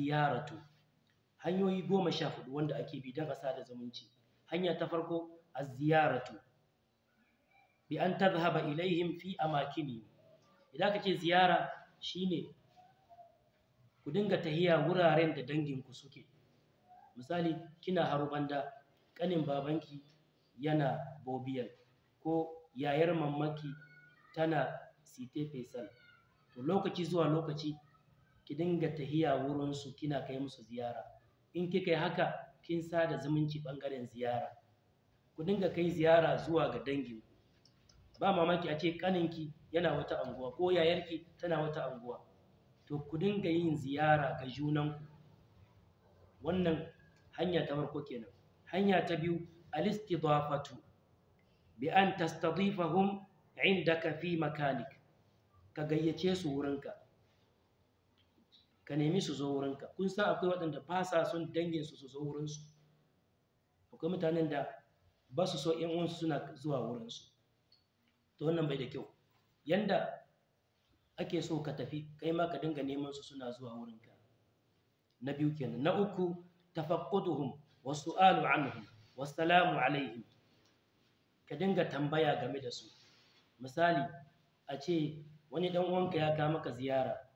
ziyaratu hanyoyi goma sha hudu wanda ake bi don ƙasa da zumunci hanya ta farko a ziyaratu bi an zahaba ilaihim fi makini idan ce ziyara shine ku dinga tahiya wuraren da danginku suke misali kina haru Banda, ƙanin babanki yana bobiyal ko yayar mamaki tana site fesal to lokaci zuwa lokaci ki dinga tahiya wurin su kina kai musu ziyara in kika yi haka kin sa da zumunci bangaren ziyara ku dinga kai ziyara zuwa ga dangin ba mamaki a ce kaninki yana wata anguwa ko yayarki tana wata anguwa to ku dinga yin ziyara ga junanku wannan hanya ta farko kenan hanya ta biyu alistidafatu bi an tastadifahum indaka fi makanik ka gayyace su wurinka ka nemi su zo wurinka kun san akwai waɗanda ba sa son dangin su su zo wurinsu akwai mutanen da ba su so ‘yan uwansu suna zuwa wurinsu to wannan bai da kyau yanda ake so ka tafi kai ma ka dinga neman su suna zuwa wurinka na biyu kenan na uku tafaqquduhum wa su'alu anhum wa salamu alaihim ka dinga tambaya game da su misali a ce wani dan uwanka ya ka maka ziyara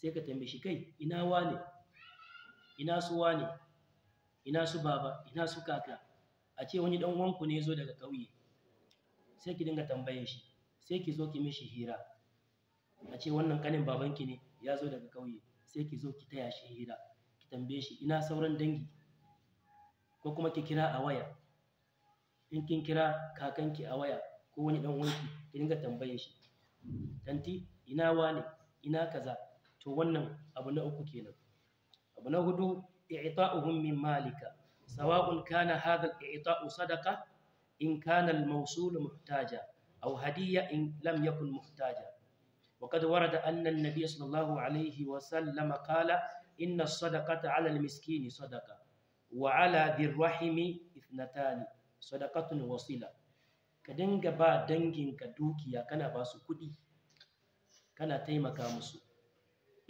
sai ka tambaye shi kai ina wane ina su wane ina su baba ina su kaka a ce wani dan uwanku ne zo daga ƙauye sai ki dinga tambayen shi sai ki zo ki mishi hira a ce wannan kanin babanki ne ya zo daga ƙauye sai ki zo ki taya shi hira ki tambaye shi ina sauran dangi ko kuma ki kira a waya in kin kira kakanki a waya ko wani dan uwanki ki dinga tambayen shi tanti ina wane ina kaza to wannan abu na uku kenan abu na hudu i'ta'uhum malika sawa'un kana hadha al-i'ta'u sadaqa in kana al-mawsul muhtaja aw hadiyya in lam yakun muhtaja wa qad warada annan an-nabiy sallallahu alayhi wa sallam qala inna as-sadaqata 'ala al-miskini sadaqa wa 'ala dirhami ithnatan sadaqatun wasila dinga ba dangin ka dukiya kana basu kuɗi kana taimaka musu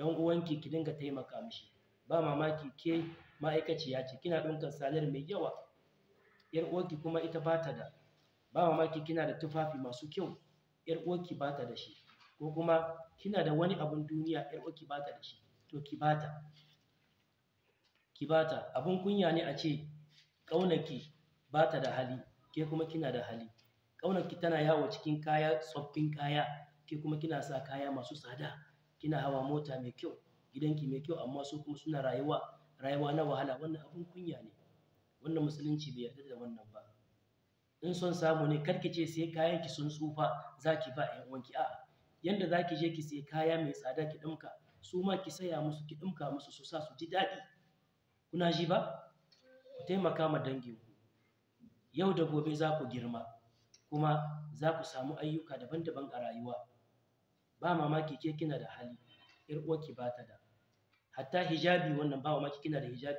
dan uwanki ki dinga taimaka mishi ba mamaki ke ma'aikaciya ce kina ɗinkan salar mai yawa yar uwanki kuma ita ba ta da ba mamaki kina da tufafi masu kyau yar uwanki ba ta da shi ko kuma kina da wani abun duniya yar uwanki ba ta da shi to ki ba ta ki ba ta abun kunya ne a ce ƙaunaki ba ta da hali ke kuma kina da hali ƙaunaki tana yawo cikin kaya tsoffin kaya ke kuma kina sa kaya masu tsada kina hawa mota mai kyau gidanki mai kyau amma su kuma suna rayuwa rayuwa na wahala wannan abun kunya ne wannan musulunci bai yarda da wannan ba in son samu ne kar ki ce sai kayan ki sun tsufa zaki ba ƴan uwanki a yanda zaki je ki sai kaya mai tsada ki ɗinka su ma ki saya musu ki ɗinka musu su sa su ji daɗi kuna ji ba ku taimaka ma dangin ku. yau da gobe za ku girma kuma za ku samu ayyuka daban-daban a rayuwa ba mamaki ke kina da hali yar uwarki ba ta da hatta hijabi wannan ba mamaki kina da hijabi